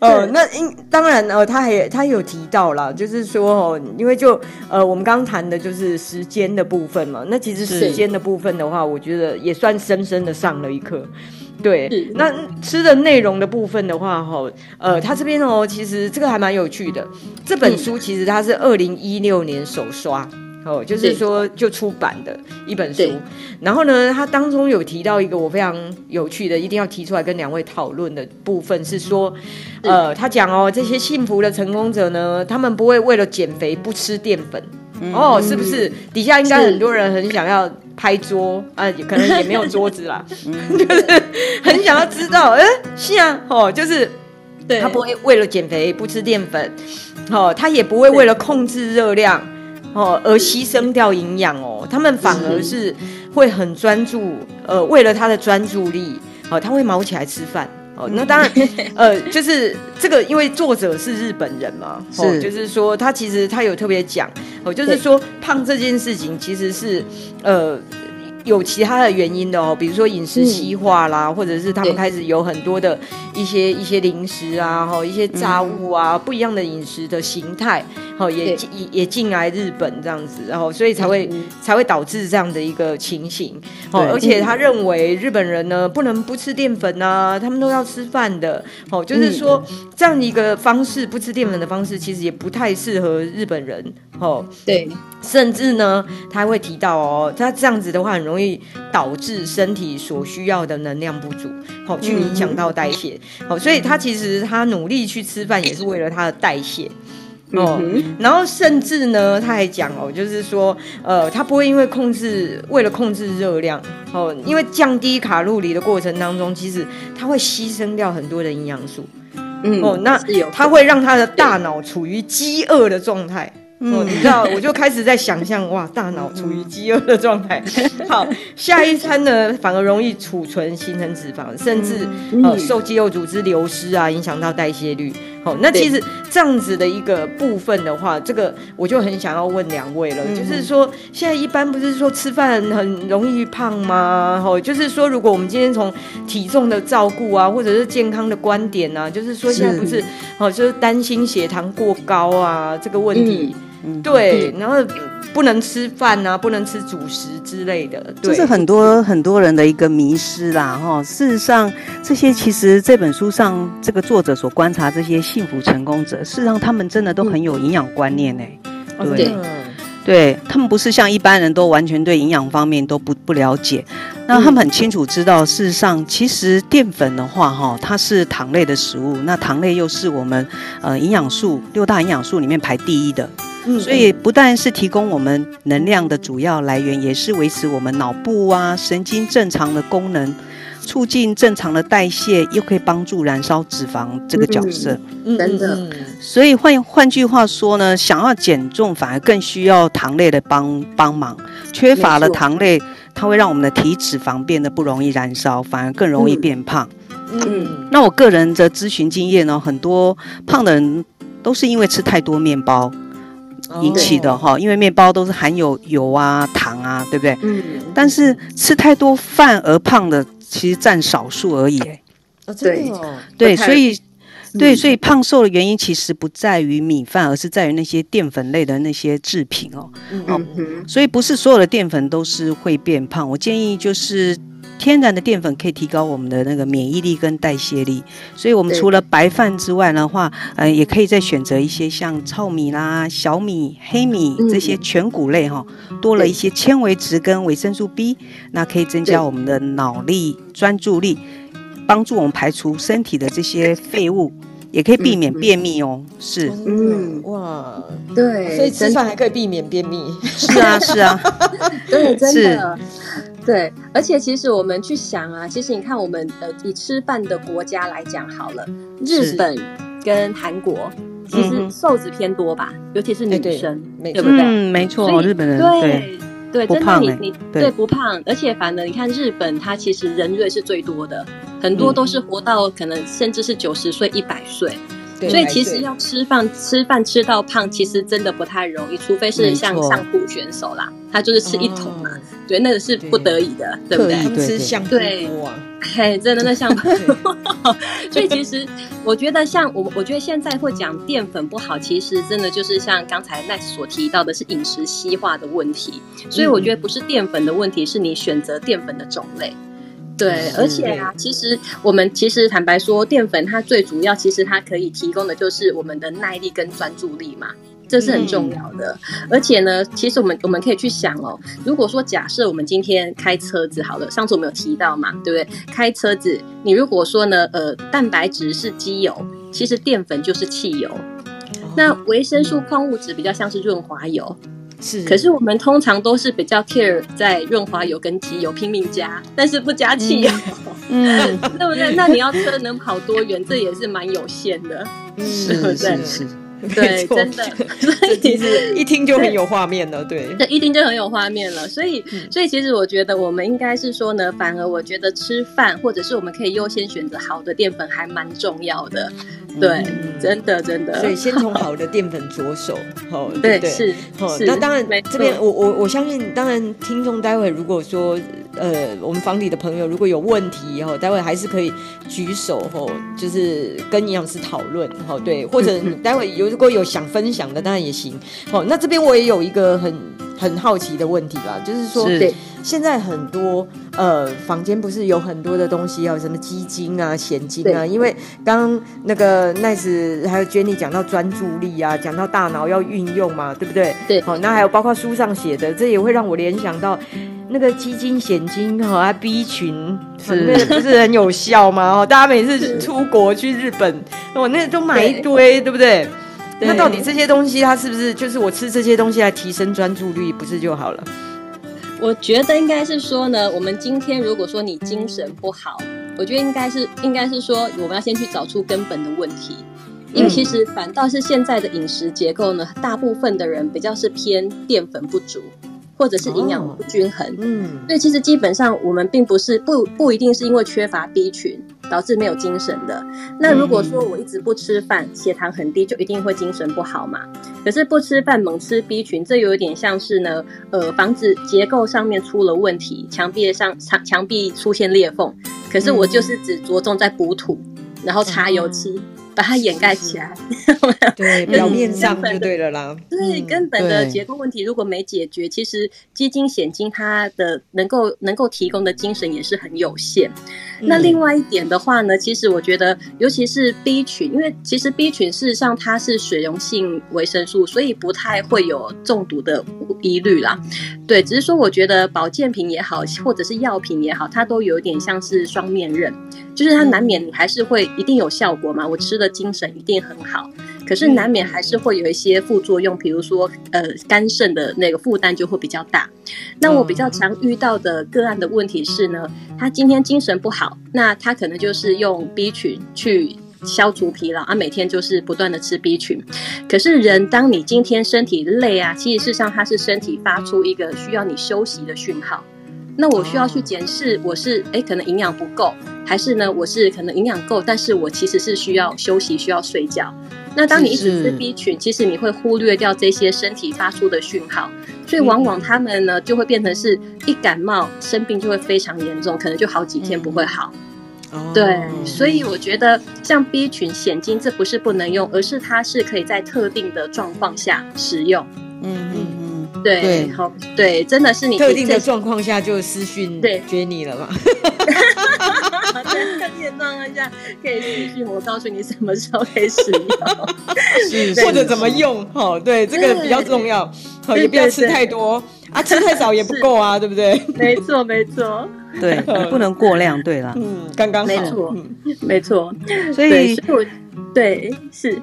對呃，那因，當然呃，他還他有提到啦就是說，哦，因為就呃，我們剛談的就是時間的部分嘛。那其實時間的部分的話，是我覺得也算深深的上了一課。對，嗯、那吃的內容的部分的話，哦，哈，呃，他這邊哦，其實這個還蠻有趣的。這本書其實它是二零一六年首刷。嗯哦，就是說就出版的對一本書，對然後呢，他當中有提到一個我非常有趣的，一定要提出來跟兩位討論的部分對是說，呃，他講哦，這些幸福的成功者呢，他們不會為了減肥不吃澱粉，對哦，是不是？底下應該很多人很想要拍桌啊、呃，可能也沒有桌子啦， 就是很想要知道，誒，是啊，哦，就是，他不會為了減肥不吃澱粉，哦，他也不會為了控制熱量。哦，而犧牲掉營養哦，他們反而是會很專注，呃，為了他的專注力，哦、呃，他會卯起來吃飯哦。那當然，呃，就是這個，因為作者是日本人嘛，哦、是，就是、呃，就是說他其實他有特別講，哦對，就是說胖這件事情其實是，呃。有其他的原因的哦，比如說飲食西化啦，嗯、或者是他們開始有很多的一些對一些零食啊，哈，一些炸物啊，嗯、不一樣的飲食的形態，哈，也也也進來日本這樣子，然後所以才會、嗯、才會導致這樣的一個情形，哦對，而且他認為日本人呢不能不吃澱粉啊，他們都要吃飯的，哦，就是說、嗯、這樣的一個方式不吃澱粉的方式其實也不太適合日本人，哦，對，甚至呢他還會提到哦，他這樣子的話很容易。容易導致身體所需要的能量不足，好去影響到代謝，好、mm hmm. 哦，所以他其實他努力去吃飯也是為了他的代謝哦。Mm hmm. 然後甚至呢，他還講哦，就是說，呃，他不會因為控制為了控制熱量哦，因為降低卡路里的過程當中，其實他會犧牲掉很多的營養素，嗯、mm，hmm. 哦，那他會讓他的大腦處於飢餓的狀態。Mm hmm. 嗯、哦、你知道，我就開始在想象，哇，大腦處於飢餓的狀態，嗯、好，下一餐呢，反而容易儲存形成脂肪，甚至呃、嗯哦、受肌肉組織流失啊，影響到代謝率。好、哦，那其實這樣子的一個部分的話，對這個我就很想要問兩位了，嗯、哼就是說，現在一般不是說吃飯很容易胖嗎、哦？就是說如果我們今天從體重的照顧啊，或者是健康的觀點啊，就是說，現在不是，是、哦、就是擔心血糖過高啊，這個問題。嗯嗯、對，嗯、然後不能吃飯啊，不能吃主食之類的，這是很多很多人的一個迷思啦，哈、哦。事實上，這些其實這本書上這個作者所觀察這些幸福成功者，事實上他們真的都很有營養觀念呢、嗯對啊，對。對，他們不是像一般人都完全對營養方面都不不了解，那他們很清楚知道，事實上其實澱粉的話，哦，哈，它是糖類的食物，那糖類又是我們呃營養素六大營養素裡面排第一的，嗯，所以不但是提供我們能量的主要來源，也是維持我們腦部啊神經正常的功能。促進正常的代謝，又可以幫助燃燒脂肪這個角色，嗯嗯，真的。所以換換句話說呢，想要減重，反而更需要糖類的幫幫忙。缺乏了糖類，它會讓我們的體脂肪變得不容易燃燒，反而更容易變胖。嗯。嗯，那我個人的諮詢經驗呢，很多胖的人都是因為吃太多麵包引起的哈，哦、因為麵包都是含有油啊、糖啊，對不對？嗯。但是吃太多飯而胖的。其實佔少數而已 Okay. 對，哦，真的哦對，不太，所以，嗯、對，所以胖瘦的原因其實不在於米飯，而是在於那些澱粉類的那些製品哦，嗯、mm hmm. 哦、所以不是所有的澱粉都是會變胖。我建議就是。Mm hmm. 天然的澱粉可以提高我們的那個免疫力跟代謝力，所以我們除了白飯之外的話，對呃，也可以再選擇一些像糙米啦、小米、黑米、嗯、這些全穀類哈、哦，多了一些纖維質跟維生素 B，對那可以增加我們的腦力、專注力，對幫助我們排除身體的這些廢物。也可以避免便秘哦，是嗯哇，對，所以吃飯還可以避免便秘，是啊是啊，對，真的，對，而且其實我們去想啊，其實你看我們呃，以吃飯的國家來講好了，日本跟韓國其實瘦子偏多吧，尤其是女生，對不對？嗯，沒錯，日本人對。對，真的、欸、你你對不胖，對而且反正你看日本，它其實人瑞是最多的，很多都是活到可能甚至是九十歲、一百歲。所以其實要吃飯，吃飯吃到胖，其實真的不太容易，除非是像相撲選手啦，他就是吃一桶嘛，對，那個是不得已的，對不對？吃對對。對，嘿，真的那像。所以其實我覺得，像我，我覺得現在會講澱粉不好，其實真的就是像剛才 Nice 所提到的是飲食西化的問題，所以我覺得不是澱粉的問題，是你選擇澱粉的種類。對，而且啊，是其實我們其實坦白說，澱粉它最主要，其實它可以提供的就是我們的耐力跟專注力嘛，這是很重要的。嗯、而且呢，其實我們我們可以去想哦，如果說假設我們今天開車子，好了，上次我們有提到嘛，對不對？開車子，你如果說呢，呃，蛋白質是機油，其實澱粉就是汽油，那維生素礦物質比較像是潤滑油。是，可是我們通常都是比較 care 在潤滑油跟機油拼命加，但是不加汽油。嗯，對不對？那你要車能跑多遠， 這也是蠻有限的，嗯、是不是？是，是，是對，真的，所以 其實一聽就很有畫面了，對，對，一聽就很有畫面了，所以，嗯、所以其實我覺得我們應該是說呢，反而我覺得吃飯或者是我們可以優先選擇好的澱粉，還蠻重要的，對，真的、嗯、真的，真的，所以先從好的澱粉着手，好，對，是，好、哦，那是當然錯這邊我我我相信，當然聽眾待會如果說。呃，我們房裡的朋友如果有問題，以後待會還是可以舉手，吼、哦，就是跟營養師討論，對，或者待會有 如果有想分享的，當然也行，哦、那這邊我也有一個很很好奇的問題吧，就是說，是現在很多呃，房間不是有很多的東西啊，什麼基金啊、險金啊，對因為剛剛那個 Nice 還有 Jenny 講到專注力啊，講到大腦要運用嘛，對不對？對，好、哦，那還有包括書上寫的，這也會讓我聯想到。那個雞精蜆精和啊、哦、B 群是、哦那個，不是很有效嗎？哦，大家每次出國去日本，我是、哦、那個，都買一堆，對，對不對？對，那到底這些東西，它是不是就是我吃這些東西來提升專注力，不是就好了？我覺得應該是說呢，我們今天如果說你精神不好，嗯、我覺得應該是應該是說我們要先去找出根本的問題，因為其實反倒是現在的飲食結構呢，大部分的人比較是偏澱粉不足。或者是營養不均衡，哦，嗯，所以其實基本上我們並不是不不一定是因為缺乏 B 群導致沒有精神的。那如果說我一直不吃飯，血糖很低，就一定會精神不好嘛？可是不吃飯猛吃 B 群，這有點像是呢，呃，房子結構上面出了問題，牆壁上牆牆壁出現裂縫，可是我就是只着重在補土，然後擦油漆。嗯嗯把它掩蓋起來是是。對，表面上就對了啦。 對，根本的結構問題如果沒解決，嗯、解決其實基金、險金它的能夠能夠提供的精神也是很有限。嗯、那另外一點的話呢，其實我覺得，尤其是 B 群，因為其實 B 群事實上它是水溶性維生素，所以不太會有中毒的疑慮啦。對，只是說我覺得保健品也好，或者是藥品也好，它都有點像是雙面刃。就是它難免你還是會一定有效果嘛，我吃的精神一定很好，可是難免還是會有一些副作用，比如說呃肝腎的那個負擔就會比較大。那我比較常遇到的個案的問題是呢，他今天精神不好，那他可能就是用 B 群去消除疲勞，啊每天就是不斷的吃 B 群，可是人當你今天身體累啊，其實事實上他是身體發出一個需要你休息的訊號。那我需要去檢視，我是誒、欸、可能營養不夠，還是呢我是可能營養夠，但是我其實是需要休息、需要睡覺。那當你一直吃 B 群，其實你會忽略掉這些身體發出的訊號，所以往往他們呢就會變成是一感冒生病就會非常嚴重，可能就好幾天不會好。嗯、對，所以我覺得像 B 群、蜆精這不是不能用，而是它是可以在特定的狀況下使用。嗯嗯。嗯嗯對，好，對，真的是你。特定的狀況下就私訊對 Jenny 了吧。特定的狀況下可以私訊我，告訴你什麼時候可以使用，或者怎麼用。好，對，這個比較重要。也不要吃太多啊，吃太少也不夠啊，對不對？沒錯，沒錯。對，不能過量。對了，嗯，剛剛好，沒錯，沒錯。所以，對，是。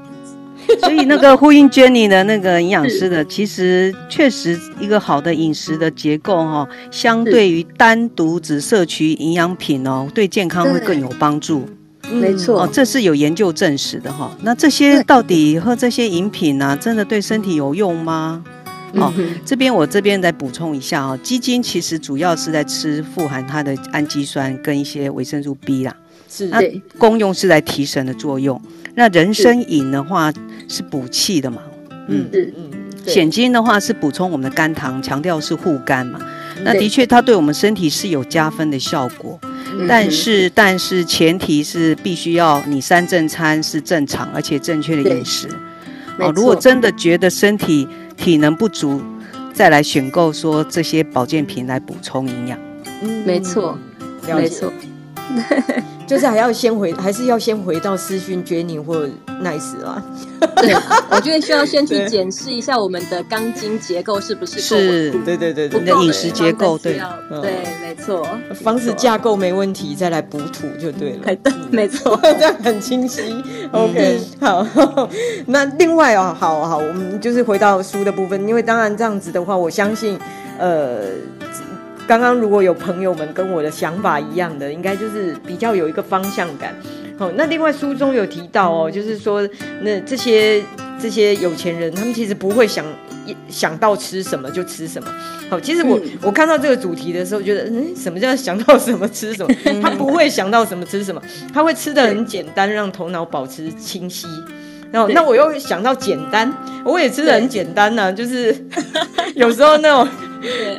所以那個呼應 Jenny 的那個營養師的，其實確實一個好的飲食的結構哈、哦，相對於單獨只攝取營養品哦，對健康會更有幫助。沒錯，哦，這是有研究證實的哈、哦。那這些到底喝這些飲品呢、啊，真的對身體有用嗎？哦，這邊我這邊再補充一下啊，雞精其實主要是在吃富含它的氨基酸跟一些維生素 B 啦。是那功用是來提神的作用，那人參飲的話是補氣的嘛，嗯嗯是嗯，蜆精、嗯、的話是補充我們的肝糖，強調是護肝嘛，那的確它對我們身體是有加分的效果，對但是、嗯、但是前提是必須要你三正餐是正常而且正確的飲食，對哦，錯如果真的覺得身體體能不足，再來選購說這些保健品來補充營養，嗯，沒錯，嗯、沒錯。就是還要先回，還是要先回到私訊、傑寧或 Nice 了。對，我覺得需要先去檢視一下我們的鋼筋結構是不是是？對對對，我們的飲食結構對，對，沒錯，房子架構沒問題，再來補土就對了。對，沒錯，這樣很清晰。OK，好。那另外哦，好好，我們就是回到書的部分，因為當然這樣子的話，我相信，呃。剛剛如果有朋友們跟我的想法一樣的，應該就是比較有一個方向感。好，那另外書中有提到哦，就是說，那這些這些有錢人，他們其實不會想想到，吃什麼就吃什麼。好，其實我、嗯、我看到這個主題的時候，覺得嗯，什麼叫想到什麼吃什麼？他不會想到什麼吃什麼，他會吃得很簡單，讓頭腦保持清晰。No, 對那我又想到簡單，我也吃的很簡單呢、啊，對就是 有時候那種，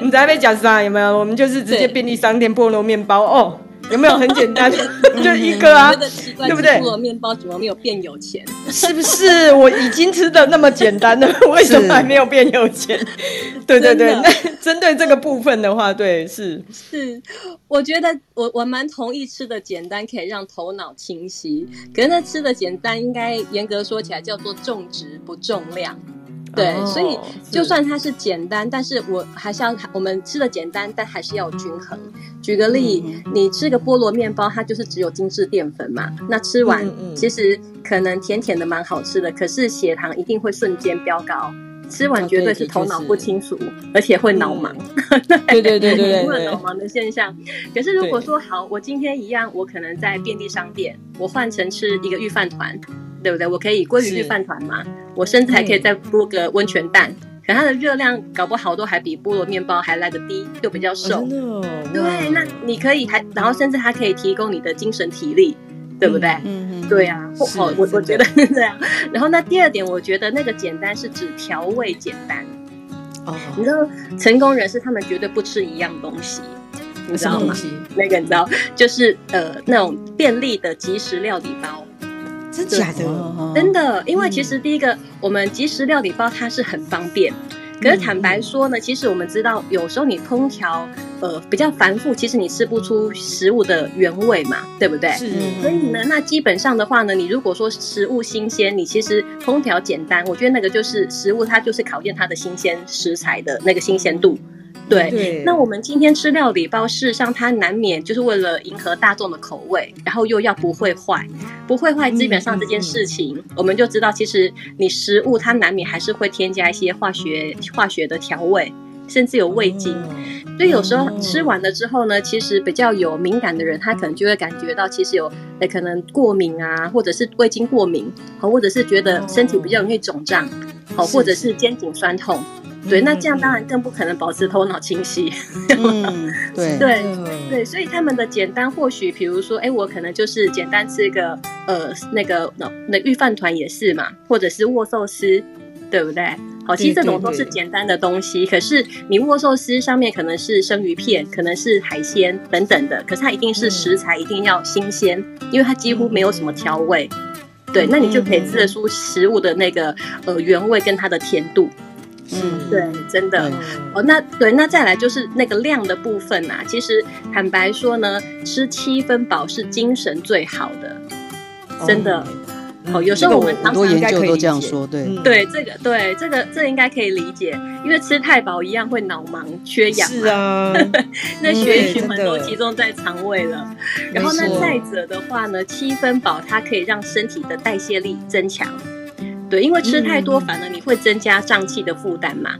你在那邊講啥？有沒有？我們就是直接便利商店菠蘿麵包哦。對 oh. 有沒有很簡單 就一個啊，對不對？我麵包怎麼沒有變有錢？是不是我已經吃的那麼簡單了， 是為什麼還沒有變有錢？對對對，針的對這個部分的話，對是是，我覺得我我蠻同意吃的簡單可以讓頭腦清晰。可是那吃的簡單應該嚴格說起來叫做重質不重量。對，oh, 所以就算它是簡單，是但是我還是要，我們吃的簡單，但還是要有均衡。舉個例，嗯、你吃個菠蘿麵包，它就是只有精緻澱粉嘛，那吃完、嗯嗯、其實可能甜甜的蠻好吃的，可是血糖一定會瞬間飆高，吃完絕對是頭腦不清楚，啊、而且會腦盲。對對對對對，你會腦盲的現象。可是如果說好，對我今天一樣，我可能在便利商店，我換成吃一個御飯糰。對不對？我可以鮭魚飯糰嘛，我甚至還可以再剝個溫泉蛋。可它的熱量搞不好都還比菠蘿麵包還來得低，又比較瘦。對，那你可以還，然後甚至還可以提供你的精神體力，對不對？嗯嗯，對啊。我我我覺得是這樣。然後那第二點，我覺得那個簡單是指調味簡單。哦，你知道成功人士他們絕對不吃一樣東西，你知道嗎？那個你知道就是呃那種便利的即食料理包。真的假的？真的。因為其實第一個，嗯、我們即食料理包它是很方便。可是坦白說呢，其實我們知道，有時候你烹調呃比較繁複，其實你吃不出食物的原味嘛，對不對？是。所以呢，那基本上的話呢，你如果說食物新鮮，你其實烹調簡單，我覺得那個就是食物它就是考驗它的新鮮食材的那個新鮮度。嗯對，那我們今天吃料理包，事實上它難免就是為了迎合大眾的口味，然後又要不會壞，不會壞，基本上這件事情，嗯嗯嗯、我們就知道，其實你食物它難免還是會添加一些化學、化學的調味。甚至有味精，嗯、所以有時候吃完了之後呢，嗯、其實比較有敏感的人，嗯、他可能就會感覺到其實有，呃、可能過敏啊，或者是味精過敏，或者是覺得身體比較容易腫脹，嗯嗯、或者是肩頸痠痛，嗯、對，嗯、那這樣當然更不可能保持頭腦清晰。嗯 嗯、對 對，對，對，所以他們的簡單或許，比如說，哎，我可能就是簡單吃一個，呃，那個那那御飯糰也是嘛，或者是握壽司。對不對？好，其實這種都是簡單的東西。對對對，可是你握壽司上面可能是生魚片，可能是海鮮等等的，可是它一定是食材、嗯、一定要新鮮，因為它幾乎沒有什麼調味。嗯、對，那你就可以吃得出食物的那個呃原味跟它的甜度。嗯，對，真的、嗯、哦。那對，那再來就是那個量的部分吶、啊。其實坦白說呢，吃七分飽是精神最好的，嗯、真的。嗯好、哦，有時候我們當時很多研究都這樣說，對對，這個對這個這應該可以理解，因為吃太飽一樣會腦盲缺氧嘛，是啊、 那血液循環都集中在腸胃了。嗯、然後呢，再者的話呢，七分飽它可以讓身體的代謝力增強，對，因為吃太多、嗯、反而你會增加脹氣的負擔嘛。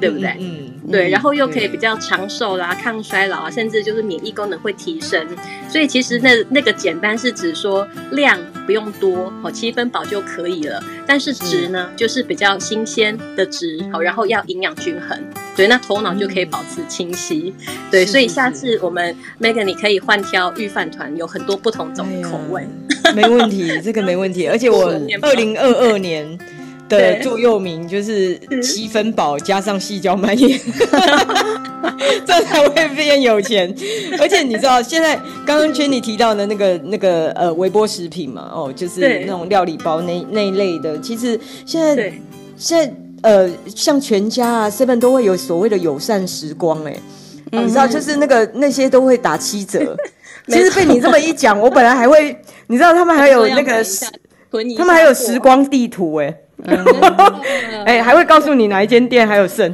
對不對？嗯，嗯，嗯對，然後又可以比較長壽啦、嗯、抗衰老啊，甚至就是免疫功能會提升。所以其實那那個簡單是指說量不用多，好七分飽就可以了。但是質呢，嗯、就是比較新鮮的質，好、嗯，然後要營養均衡。對，那頭腦就可以保持清晰。嗯、對，是是是所以下次我們 Megan 你可以換挑御飯糰，有很多不同種的口味、哎。沒問題， 這個沒問題。而且我二零二二年。 的座右銘就是七分飽加上細嚼慢嚥，這才會變有錢。 而且你知道，現在剛剛圈裡提到的那個那個呃微波食品嘛，哦，就是那種料理包那對那一類的。其實現在對現在呃，像全家啊 seven 都會有所謂的友善時光誒、欸。嗯、你知道，就是那個那些都會打七折。其實被你這麼一講，我本來還會 你知道他們還有那個他們還有時光地圖誒、欸。 哎，還會告訴你哪一間店還有剩，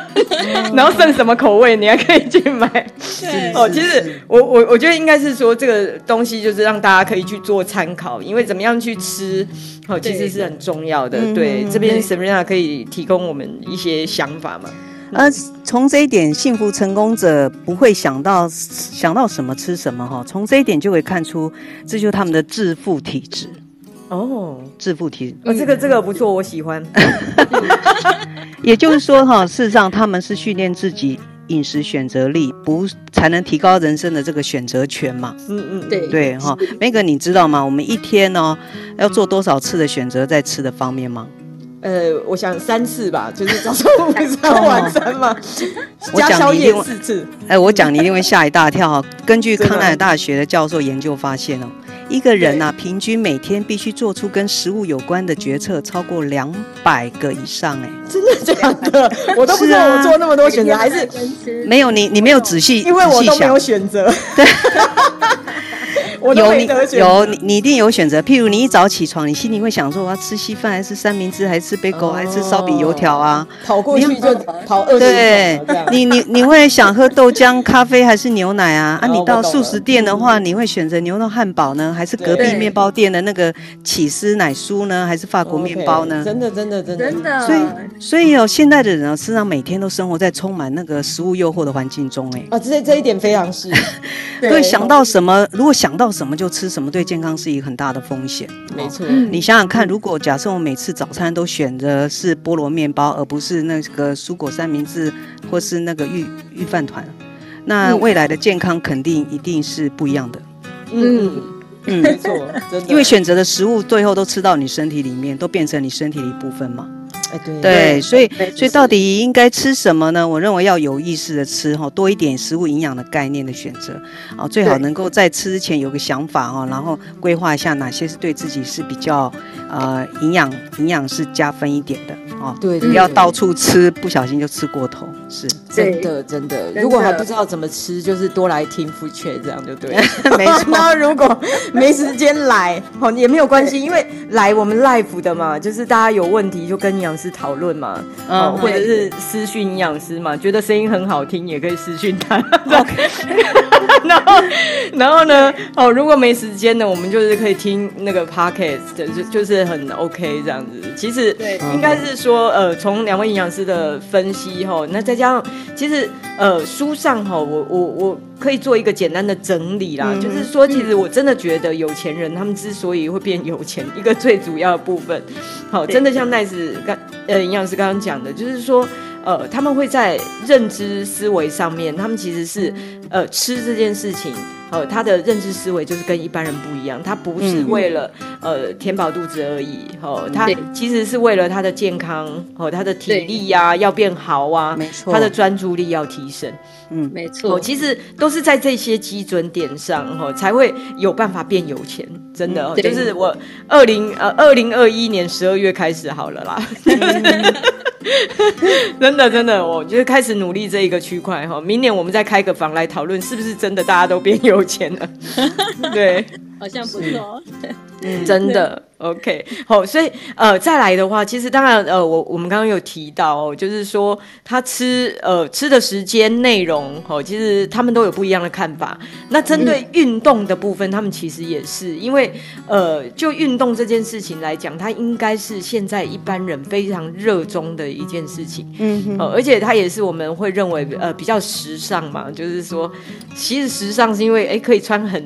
然後剩什麼口味，你還可以去買。 是是是哦，其實我我我覺得應該是說這個東西就是讓大家可以去做參考，因為怎麼樣去吃，哦，其實是很重要的。對，對，這邊什麼樣可以提供我們一些想法嘛。呃，從這一點，幸福成功者不會想到想到什麼吃什麼哈，從這一點就可以看出，這就是他們的致富體質。哦，致富體哦，這個這個不錯，我喜歡。 也就是說哈、哦，事實上他們是訓練自己飲食選擇力，不才能提高人生的這個選擇權嘛。嗯嗯，對對哈 Maggie 你知道嗎？我們一天呢、哦、要做多少次的選擇在吃的方面嗎？呃，我想三次吧，就是早上三晚餐嘛，加宵夜四次。哎、 呃，我講你一定會嚇一大跳哈、 哦。根據康奈爾大學的教授研究發現呢、哦一個人啊，對平均每天必須做出跟食物有關的決策超過兩百個以上。欸，哎，真的這樣的？ 啊，我都不知道我做那麼多選擇，是啊，還是沒有，你，你沒有仔細，因為我都沒有選擇。對。 有你有你，你一定有選擇。譬如你一早起床，你心裡會想說：我要吃稀飯，還是三明治，還是貝果，還是燒餅油條啊？跑過去就跑二十。對你你你會想喝豆漿、咖啡還是牛奶啊？啊，你到素食店的話，你會選擇牛肉漢堡呢，還是隔壁面包店的那個起司奶酥呢，還是法國麵包呢？真的真的真的真的。所以所以哦，現在的人啊，實際上每天都生活在充滿那個食物誘惑的環境中哎。啊，這這一點非常是。對，想到什麼？如果想到。什麼就吃什麼，對健康是一個很大的風險。沒錯，嗯、你想想看，如果假設我每次早餐都選擇是菠蘿麵包，而不是那個蔬果三明治，或是那個御、御飯糰，那未來的健康肯定一定是不一樣的。嗯，嗯嗯沒錯，真的啊、因為選擇的食物最後都吃到你身體裡面，都變成你身體的一部分嘛。對，所以所以到底應該吃什麼呢？我認為要有意識的吃哈，多一點食物營養的概念的選擇啊，最好能夠在吃之前有個想法哦，然後規劃一下哪些是對自己是比較呃營養營養是加分一點的哦。對，不要到處吃，不小心就吃過頭。是，真的真的。如果還不知道怎麼吃，就是多來聽福雀這樣就對，沒錯。如果沒時間來哦，也沒有關係，因為來我們 Life 的嘛，就是大家有問題就跟楊。是討論嘛，嗯，uh, okay. 或者是私訊營養師嘛，覺得聲音很好聽，也可以私訊他。Okay. 然後，然後呢？對哦，如果沒時間呢，我們就是可以聽那個 podcast，就就是很 OK 這樣子。其實，對，應該是說，uh huh. 呃，從兩位營養師的分析哈、哦，那再加上，其實，呃，書上哈、哦，我我我可以做一個簡單的整理啦，mm hmm. 就是說，其實我真的覺得有錢人 他們之所以會變有錢，一個最主要的部分，好、哦，真的像奈子對剛呃營養師剛剛講的，就是說。呃，他們會在認知思維上面，他們其實是，呃，吃這件事情。呃，他的認知思維就是跟一般人不一樣，他不是為了呃填飽肚子而已，哈，他其實是為了他的健康和他的體力呀要變好啊，沒錯，他的專注力要提升，嗯，沒錯，其實都是在這些基準點上，哈，才會有辦法變有錢，真的，就是我二零呃二零二一年十二月開始好了啦，真的真的，我就是開始努力這一個區塊哈，明年我們再開個房來討論是不是真的大家都變有錢。有錢了， 對，好像不錯，真的。對 OK，好、哦，所以呃再來的話，其實當然呃我我們剛剛有提到哦，就是說他吃呃吃的時間內容齁、呃，其實他們都有不一樣的看法。那針對運動的部分，他們其實也是因為呃就運動這件事情來講，它應該是現在一般人非常熱衷的一件事情，嗯，哦，而且它也是我們會認為呃比較時尚嘛，就是說其實時尚是因為哎、欸、可以穿很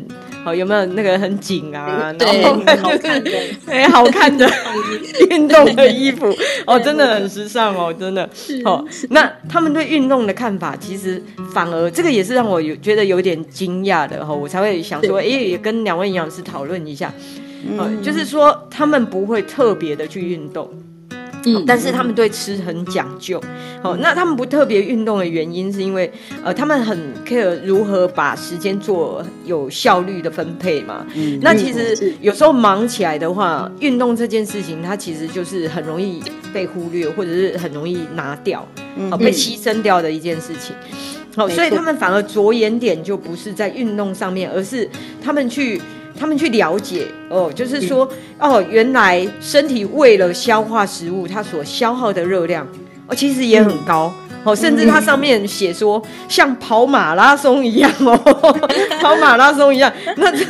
哦、呃、有沒有那個很緊啊，然後對很好看。 哎、 欸，好看的運 動的衣服 哦，真的很時尚哦，真的。 是哦，那他們對運動的看法，其實反而這個也是讓我有覺得有點驚訝的哈、哦，我才會想說，哎是、欸，也跟兩位營養師討論一下，哦、嗯，就是說他們不會特別的去運動。但是他們對吃很講究、嗯嗯哦，那他們不特別運動的原因是因為，呃，他們很 care 如何把時間做有效率的分配嘛。嗯，嗯那其實有時候忙起來的話，運、嗯、動這件事情它其實就是很容易被忽略，或者是很容易拿掉，好、嗯嗯哦、被犧牲掉的一件事情。好、哦，沒錯，所以他們反而着眼點就不是在運動上面，而是他們去。他們去了解哦，就是說哦，原來身體為了消化食物，它所消耗的熱量哦，其實也很高、嗯、哦，甚至它上面寫說、嗯、像跑馬拉松一樣哦，跑馬拉松一樣。 那這，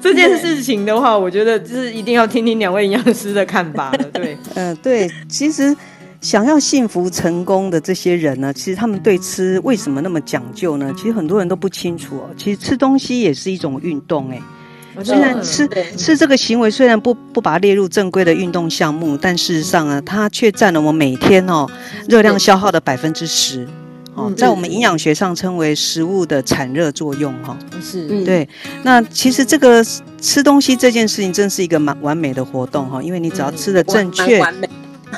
這件事情的話，我覺得就是一定要聽聽兩位營養師的看法了。對，嗯、呃，對，其實想要幸福成功的這些人呢，其實他們對吃為什麼那麼講究呢？其實很多人都不清楚哦。其實吃東西也是一種運動哎、欸。雖然吃我吃這個行為雖然不不把它列入正規的運動項目，但事實上呢，它卻佔了我們每天哦熱量消耗的百分之十，對哦，在我們營養學上稱為食物的產熱作用哈、哦。對對是，對。那其實這個、嗯、吃東西這件事情真是一個蠻完美的活動哈，因為你只要吃得正確，嗯、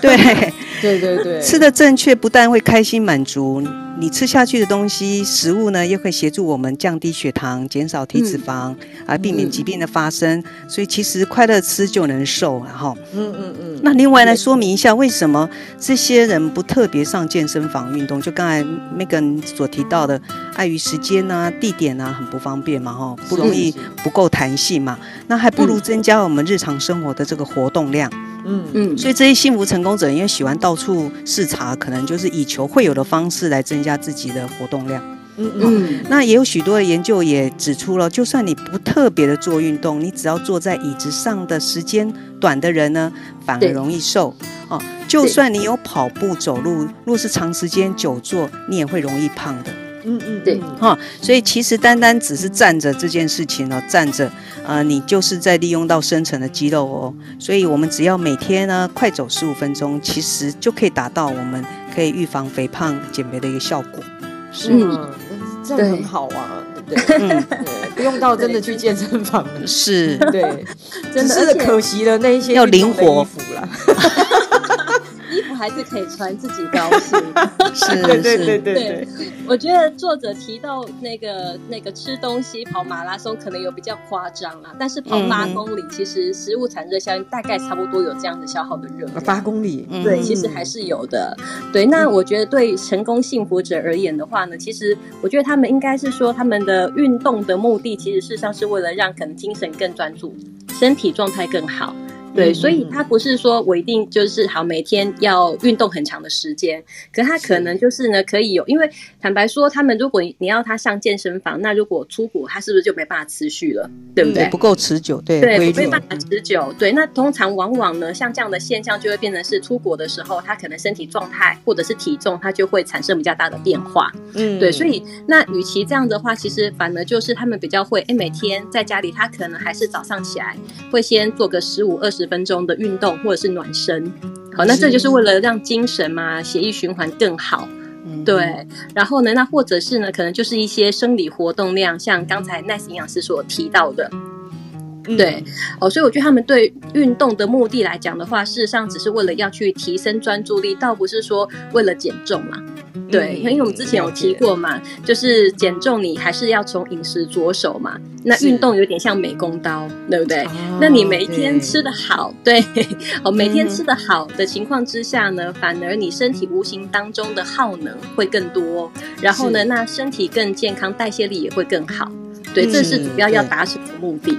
對。 對對對，吃的正確不但會開心滿足，你吃下去的東西，食物呢又可以協助我們降低血糖，減少體脂肪，啊、嗯，而避免疾病的發生。嗯、所以其實快樂吃就能瘦啊！哈、哦嗯，嗯嗯嗯。那另外來說明一下，為什麼這些人不特別上健身房運動？就剛才那個人所提到的，礙於時間吶、啊、地點啊很不方便嘛！哈、哦，不容易，不夠彈性嘛。那還不如增加我們日常生活的這個活動量。嗯嗯。所以這些幸福成功者因為喜歡到。到處視察，可能就是以球會友的方式來增加自己的活動量。嗯嗯、哦，那也有許多的研究也指出了，就算你不特別的做運動，你只要坐在椅子上的時間短的人呢，反而容易瘦對、哦、就算你有跑步走路，若是長時間久坐，你也會容易胖的。嗯嗯，對哈、嗯，所以其實單單只是站着這件事情呢、哦，站着、呃、你就是在利用到深層的肌肉哦。所以我們只要每天呢快走十五分鐘，其實就可以達到我們可以預防肥胖、減肥的一個效果。是嗎？嗯，這樣吧、嗯、很好啊，對不對？不用到真的去健身房了。對是，對，真的 是可惜了那一的那些要靈活服了。 還是可以穿自己高興，是是 是。是 對，對對對對我覺得作者提到那個那個吃東西跑馬拉松可能有比較誇張啦，但是跑八公里、嗯、哼其實食物產熱效應大概差不多有這樣的消耗的熱量。八公里，對，嗯、哼其實還是有的。對，那我覺得對成功幸福者而言的話呢，其實我覺得他們應該是說他們的運動的目的其實事實上是為了讓可能精神更專注，身體狀態更好。對，所以他不是說我一定就是好每天要運動很長的時間，可他可能就是呢，可以有，因為坦白說，他們如果你要他上健身房，那如果出國，他是不是就沒辦法持續了，對不對？不夠持久，對，對，不一不沒辦法持久，對，對，對。那通常往往呢，像這樣的現象就會變成是出國的時候，他可能身體狀態或者是體重，他就會產生比較大的變化，嗯，對。所以那與其這樣的話，其實反而就是他們比較會，哎，每天在家裡，他可能還是早上起來會先做個十五二十。分鐘的運動或者是暖身，好是、哦，那這就是為了讓精神嘛、啊、血液循環更好，嗯、哼對。然後呢，那或者是呢，可能就是一些生理活動量，像剛才 Nice 營養師所提到的。嗯、對，哦，所以我覺得他們對運動的目的來講的話，事實上只是為了要去提升專注力，倒不是說為了減重嘛。嗯、對，因為我們之前有提過嘛，嗯、就是減重你還是要從飲食着手嘛。是那運動有點像美工刀，對不對？哦、那你每天吃得好，對，對，哦，每天吃得好的情況之下呢，反而你身體無形當中的耗能會更多，然後呢，是那身體更健康，代謝力也會更好。對，嗯、這是主要要達成的目的。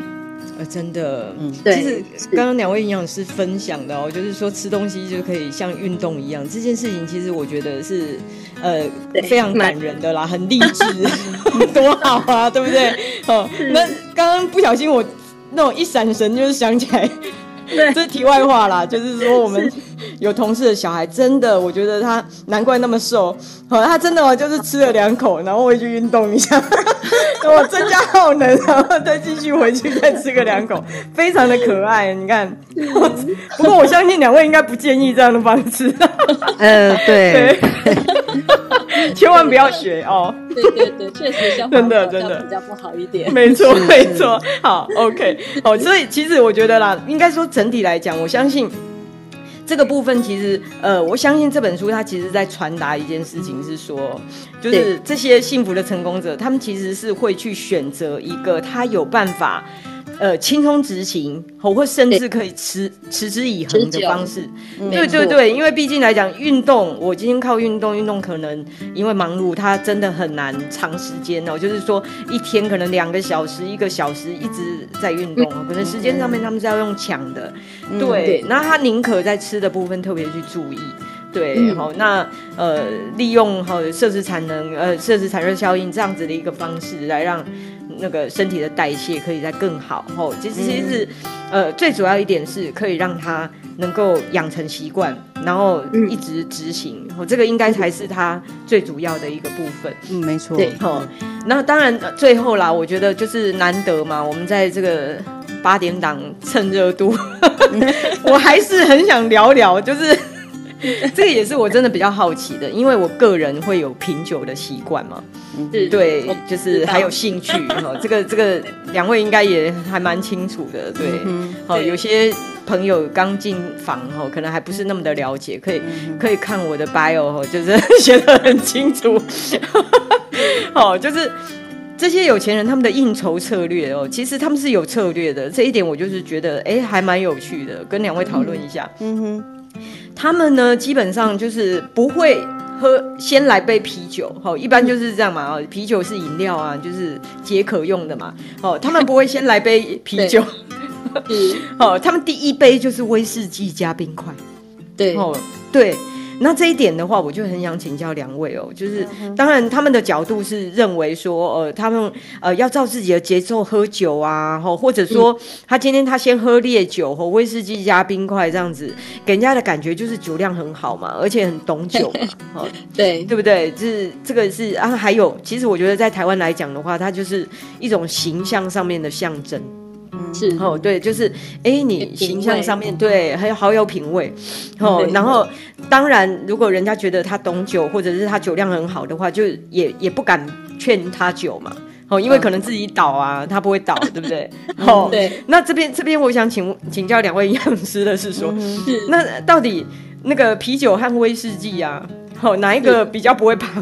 呃，真的，嗯，其實對，就剛剛兩位營養師分享的哦，就是說吃東西就可以像運動一樣，這件事情其實我覺得是呃對非常感人的啦，滿很勵志， 多好啊， 對不對？是那剛剛不小心我那種一閃神，就是想起來，對，這是題外話啦，就是說我們。有同事的小孩真的，我覺得他難怪那麼瘦，好，他真的，啊、就是吃了兩口，的然後回去運動一下，我 增加耗能， 然後再繼續回去再吃個兩口，非常的可愛。你看， 不過我相信兩位應該不建議這樣的方式。嗯，對，對 千萬不要學 哦。對，對對對，確實 真的真的比較不好一點，沒錯沒錯。 好，OK，好，所以其實我覺得啦，應該說整體來講，我相信。這個部分其實，呃，我相信這本書它其實在傳達一件事情，是說，嗯、就是對這些幸福的成功者，他們其實是會去選擇一個他有辦法。呃，輕鬆執行，或甚至可以持持之以恆的方式。嗯、對對對，因為畢竟來講，運動，我今天靠運動運動，運動可能因為忙碌，它真的很難長時間哦。就是說，一天可能兩個小時、一個小時一直在運動哦，嗯、可能時間上面他們是要用搶的、嗯對嗯。對，那他寧可在吃的部分特別去注意。對，然後，嗯哦，那呃，利用好設置產能，呃，設置產熱效應這樣子的一個方式來讓。那個身體的代謝可以再更好後，其實其實是、嗯、呃最主要一點是可以讓他能夠養成習慣，然後一直執行，嗯、這個應該才是他最主要的一個部分。嗯，沒錯。好對，那、嗯、當然、呃、最後啦，我覺得就是難得嘛，我們在這個八點檔趁熱度，嗯、 我還是很想聊聊，就是。 這個也是我真的比較好奇的，因為我個人會有品酒的習慣嘛， 對，就是還有興趣。哈、 這個，這個這個兩位應該也還蠻清楚的，對。好，有些朋友剛進房、哦、可能還不是那麼的了解，可以、嗯、哼可以看我的 bio，、哦、就是寫的很清楚。好、 哦，就是這些有錢人他們的應酬策略哦，其實他們是有策略的，這一點我就是覺得哎，還蠻有趣的，跟兩位討論一下。嗯哼。他們呢，基本上就是不會喝，先來杯啤酒，好，一般就是這樣嘛，哦，啤酒是飲料啊，就是解渴用的嘛，哦，他們不會先來杯啤酒，哦 對， 他們第一杯就是威士忌加冰塊，對，哦，對。那這一點的話，我就很想請教兩位哦，就是當然他們的角度是認為說，呃，他們呃要照自己的節奏喝酒啊，或者說他今天他先喝烈酒和威士忌加冰塊這樣子，給人家的感覺就是酒量很好嘛，而且很懂酒嘛。 對、哦、對不對？就是這個是啊，還有其實我覺得在台灣來講的話，它就是一種形象上面的象徵。是哦，對，就是，哎，你形象上面對，還有、嗯、好有品味，哦、對然後，當然，如果人家覺得他懂酒，或者是他酒量很好的話，就也也不敢勸他酒嘛、哦，因為可能自己倒啊，他不會倒， 對不對？哦嗯、對。那這邊這邊，我想請請教兩位營養師的是說，嗯、是那到底那個啤酒和威士忌啊？哦，哪一個比較不會胖？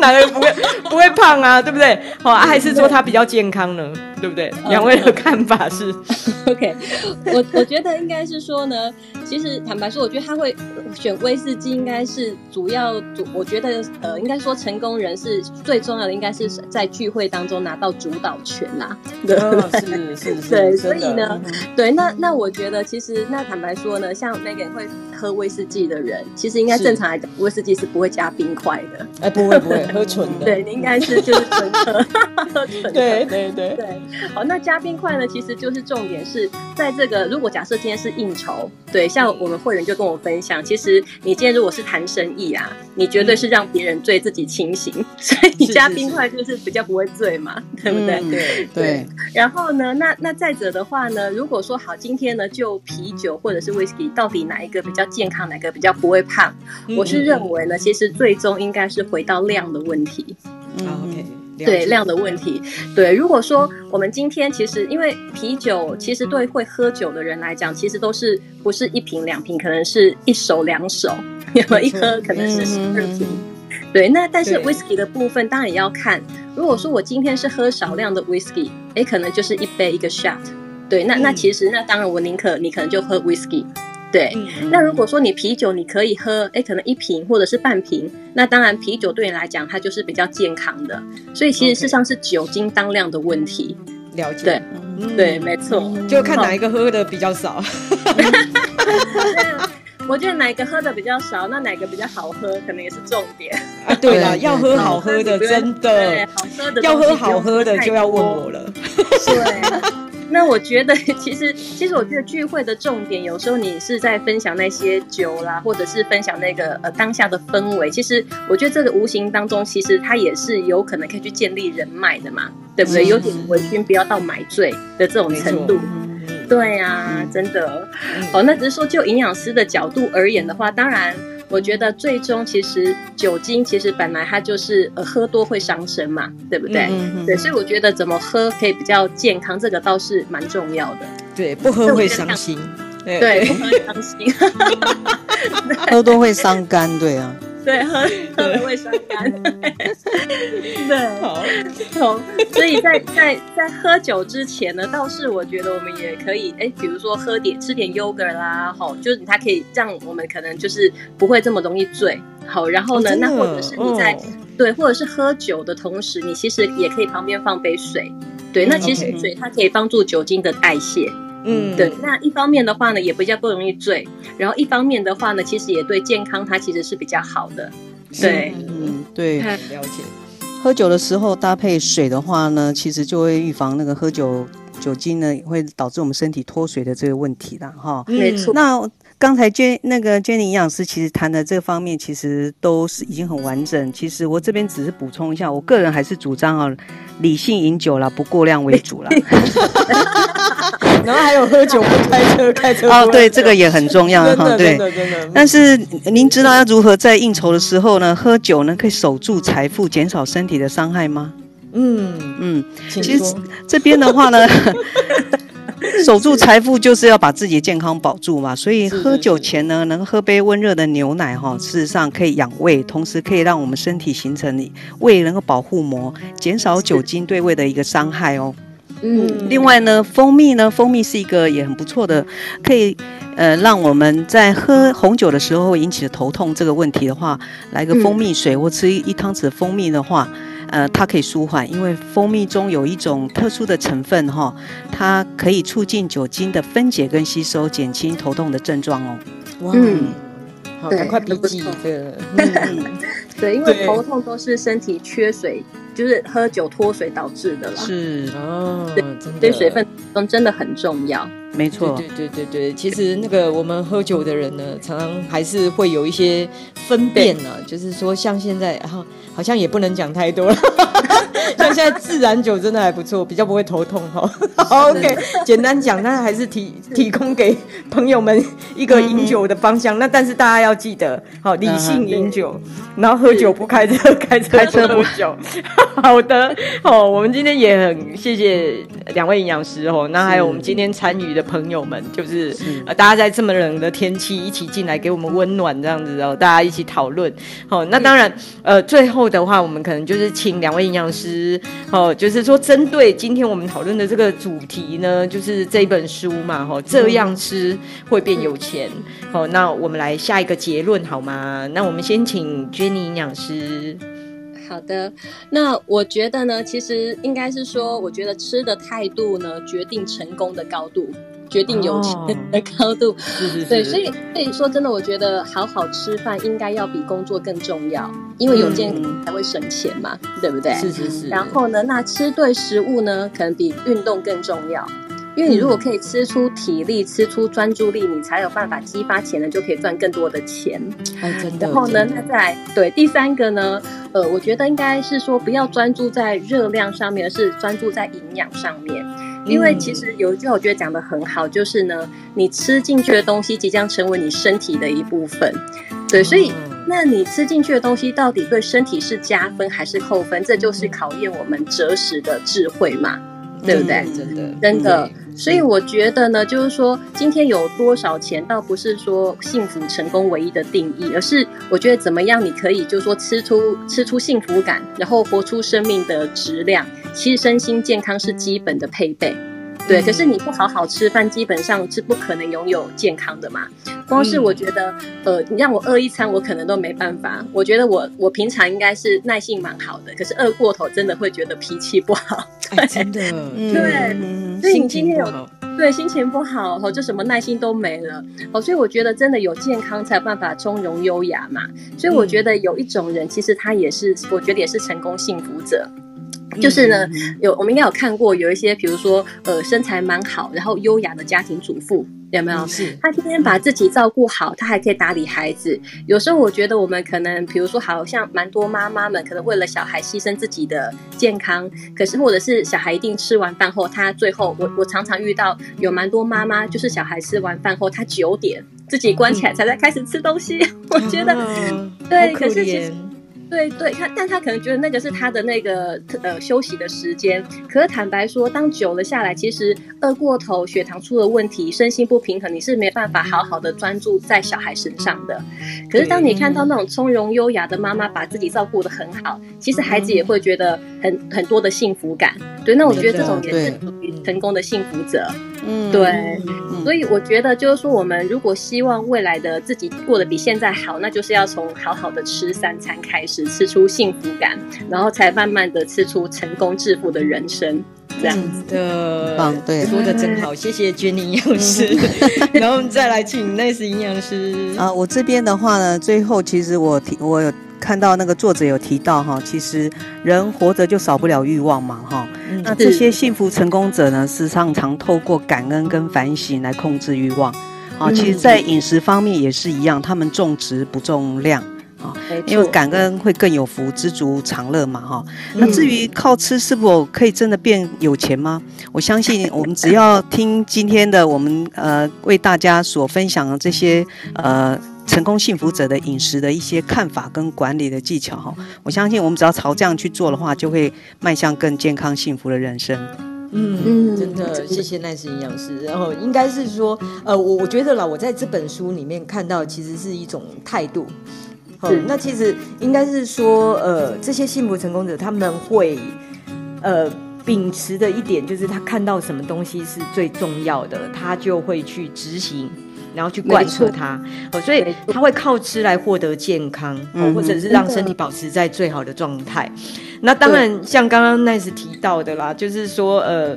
哪個不會不會胖啊？對不對？哦，還是說他比較健康呢？對不對？兩位的看法是？OK，我我覺得應該是說呢，其實坦白說，我覺得他會選威士忌，應該是主要主。我覺得呃，應該說成功人士最重要的，應該是在聚會當中拿到主導權啦。對，是是對，所以呢，對，那那我覺得其實那坦白說呢，像那個會喝威士忌的人，其實應該正常來講威士忌，是不會加冰塊的。哎，欸、不會不會， 對喝純的。對你應該是就是純的，純 的。對對對，對好，那加冰塊呢？其實就是重點是在這個。如果假設今天是應酬，對，像我們會員就跟我分享，其實你今天如果是談生意啊，你絕對是讓別人醉自己清醒，嗯、所以你加冰塊就是比較不會醉嘛，是是是對不對？嗯、對對。然後呢，那那再者的話呢，如果說好，今天呢就啤酒或者是威士 y 到底哪一個比較健康，哪個比較不會胖？嗯嗯我是認為，那其實最終應該是回到量的問題。OK，、嗯嗯、對次量的問題。嗯、對，如果說我們今天其實，因為啤酒其實對會喝酒的人來講，嗯、其實都是不是一瓶兩瓶，可能是一手兩手，有錯一喝可能是十二瓶。嗯、對，那但是 whisky 的部分當然也要看。對如果說我今天是喝少量的 whisky，哎、欸，可能就是一杯一個 shot。對，那那其實那當然我寧可你可能就喝 whisky。對，嗯、那如果說你啤酒你可以喝，哎、欸，可能一瓶或者是半瓶，那當然啤酒對你來講它就是比較健康的，所以其實事實上是酒精當量的問題。了解，對，嗯、對，沒錯，就看哪一個喝得比較少。我覺得哪個喝得比較少，那哪個比較好喝，可能也是重點啊。對了， 要喝好喝的，真的，對好喝的，要喝好喝的就要問我了。對。那我覺得，其實，其實我覺得聚會的重點，有時候你是在分享那些酒啦，或者是分享那個呃當下的氛圍。其實我覺得這個無形當中，其實它也是有可能可以去建立人脈的嘛，對不對？嗯、有點微醺不要到買醉的這種程度，嗯、對呀、啊，嗯、真的。哦，那只是說就營養師的角度而言的話，當然。我覺得最終其實酒精其實本來它就是呃喝多會傷身嘛，對不對？嗯嗯嗯對，所以我覺得怎麼喝可以比較健康，這個倒是蠻重要的。對，不喝會傷心。對，喝會傷心，喝多會傷肝，對啊。對，喝喝多會傷肝。對，好，好。所以在在在喝酒之前呢，倒是我覺得我們也可以，哎，比如說喝點吃點 yogurt 啦，哈，就是它可以讓我們可能就是不會這麼容易醉。好，然後呢，那或者是你在對，或者是喝酒的同時，你其實也可以旁邊放杯水。對，那其實水它可以幫助酒精的代謝。嗯，對，那一方面的話呢，也比較不容易醉，然後一方面的話呢，其實也對健康它其實是比較好的，對，嗯，對，很了解。喝酒的時候搭配水的話呢，其實就會預防那個喝酒酒精呢也會導致我們身體脫水的這個問題啦。哈，沒錯、嗯。那剛才娟，那個娟妮營養師其實談的這方面其實都是已經很完整，其實我這邊只是補充一下，我個人還是主張啊，理性飲酒啦，不過量為主啦 然後還有喝酒不開車，開車哦，對，這個也很重要哈，對，真的真的。但是您知道要如何在應酬的時候呢，喝酒呢可以守住財富，減少身體的傷害嗎？嗯嗯，其實這邊的話呢，守住財富就是要把自己的健康保住嘛。所以喝酒前呢，能喝杯溫熱的牛奶哈，事實上可以養胃，同時可以讓我們身體形成胃能夠保護膜，減少酒精對胃的一個傷害哦。嗯，另外呢，蜂蜜呢，蜂蜜是一個也很不錯的，可以，呃，讓我們在喝紅酒的時候引起的頭痛這個問題的話，來個蜂蜜水或、嗯、吃一湯匙蜂蜜的話，呃，它可以舒緩，因為蜂蜜中有一種特殊的成分哈，它可以促進酒精的分解跟吸收，減輕頭痛的症狀哦。哇。嗯很快筆記對，對，對，因為頭痛都是身體缺水，就是喝酒脫水導致的啦。對是哦真的對，對，水分真的很重要，沒錯錯，對，對，對，對，對。其實那個我們喝酒的人呢，常常還是會有一些分辨呢、啊，對就是說像現在，然後好像也不能講太多了。 像 現在自然酒真的還不錯，比較不會頭痛哈。是的。OK，簡單講，那還是提提供給朋友們一個飲酒的方向。那但是大家要記得，好，理性飲酒，然後喝酒不開車，是的。開車不喝酒。 好的，好，我們今天也很謝謝兩位營養師哦。那還有我們今天參與的朋友們，就是，是呃大家在這麼冷的天氣一起進來給我們溫暖這樣子哦，大家一起討論。好，那當然是的。呃最後的話，我們可能就是請兩位營養師。好哦，就是說針對今天我們討論的這個主題呢，就是這本書嘛，哦，這樣吃會變有錢。嗯、哦。那我們來下一個結論好嗎？那我們先請 Jenny 營養師。好的，那我覺得呢，其實應該是說，我覺得吃的態度呢，決定成功的高度。決定有錢的高度，oh. 對，是是是，所以所以說真的，我覺得好好吃飯應該要比工作更重要，因為有健康才會省錢嘛，嗯、對不對？是是是。然後呢，那吃對食物呢，可能比運動更重要。因為你如果可以吃出體力，嗯、吃出專注力，你才有辦法激發潛能，就可以賺更多的錢。哎、真的。然後呢，的那再來對第三個呢，呃，我覺得應該是說不要專注在熱量上面，而是專注在營養上面。嗯、因為其實有一句我覺得講得很好，就是呢，你吃進去的東西即將成為你身體的一部分。對，所以、嗯、那你吃進去的東西到底對身體是加分還是扣分？這就是考驗我們擇食的智慧嘛。對不對？嗯，真的，真的。所以我覺得呢，就是說，今天有多少錢，倒不是說幸福成功唯一的定義，而是我覺得怎麼樣，你可以就是說吃出吃出幸福感，然後活出生命的質量。其實身心健康是基本的配備。對，可是你不好好吃飯，嗯、基本上是不可能擁有健康的嘛。光是我覺得，嗯、呃，你讓我餓一餐，我可能都沒辦法。我覺得我我平常應該是耐性蠻好的，可是餓過頭真的會覺得脾氣不好。對、哎真的、嗯、對，嗯、所以你今天有對心情不好哦，就什麼耐心都沒了哦。所以我覺得真的有健康才有辦法從容優雅嘛。所以我覺得有一種人，其實他也是，我覺得也是成功幸福者。就是呢，嗯、有、嗯、我們應該有看過有一些，比如說，呃，身材蠻好，然後優雅的家庭主婦，有沒有？是。她天天把自己照顧好，她還可以打理孩子。有時候我覺得我們可能，比如說，好像蠻多媽媽們可能為了小孩犧牲自己的健康，可是或者是小孩一定吃完飯後，他最後我我常常遇到有蠻多媽媽，就是小孩吃完飯後，他九點自己關起來才在開始吃東西。嗯、 我覺得，啊、對，可，可是其實。對對，他但他可能覺得那個是他的那個呃休息的時間。可是坦白說，當久了下來，其實餓過頭、血糖出了問題、身心不平衡，你是沒辦法好好的專注在小孩身上的。可是當你看到那種從容優雅的媽媽把自己照顧得很好，其實孩子也會覺得很、嗯、很多的幸福感。對，那我覺得這種也是成功的幸福者。嗯，對，嗯、所以我覺得就是說，我們如果希望未來的自己過得比現在好，那就是要從好好的吃三餐開始，吃出幸福感，然後才慢慢的吃出成功致富的人生。這樣子的，棒，對，說的真好，謝謝娟妮營養師，嗯、 然後我們再來請奈斯營養師。啊，我這邊的話呢，最後其實我提，我有看到那個作者有提到哈，其實人活着就少不了慾望嘛，哈。那這些幸福成功者呢，是常常透過感恩跟反省來控制慾望。啊，其實，在飲食方面也是一樣，他們重質不重量。啊，因為感恩會更有福，知足常樂嘛。哈，那至於靠吃是否可以真的變有錢嗎？我相信，我們只要聽今天的我們呃為大家所分享的這些呃。成功幸福者的飲食的一些看法跟管理的技巧哈，我相信我們只要朝這樣去做的話，就會邁向更健康幸福的人生。嗯，真的，真的謝謝奈氏營養師。然後應該是說，呃，我我覺得啦，我在這本書裡面看到，其實是一種態度。哦、是那其實應該是說，呃，這些幸福成功者他們會，呃，秉持的一點就是，他看到什麼東西是最重要的，他就會去執行。然後去貫徹它，所以他會靠吃來獲得健康，或者是讓身體保持在最好的狀態。那當然，像剛剛奈 s 提到的啦，就是說，呃，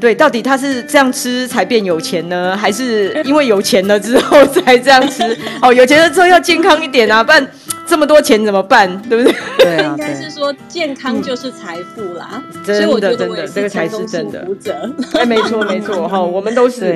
對，到底他是這樣吃才變有錢呢，還是因為有錢了之後才這樣吃？哦，有錢了之後要健康一點啊，不然這麼多錢怎麼辦？對不對？應該是說健康就是財富啦，真的真的，這個才是真的。哎，沒錯沒錯，哈，我們都是。